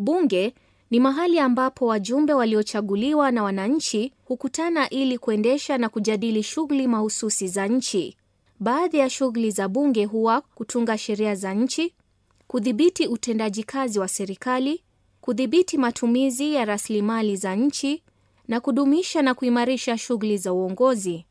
Bunge ni mahali ambapo wajumbe waliochaguliwa na wananchi hukutana ili kuendesha na kujadili shughuli mahususi za nchi. Baadhi ya shughuli za bunge huwa kutunga sheria za nchi, kudhibiti utendaji kazi wa serikali, kudhibiti matumizi ya rasilimali za nchi na kudumisha na kuimarisha shughuli za uongozi.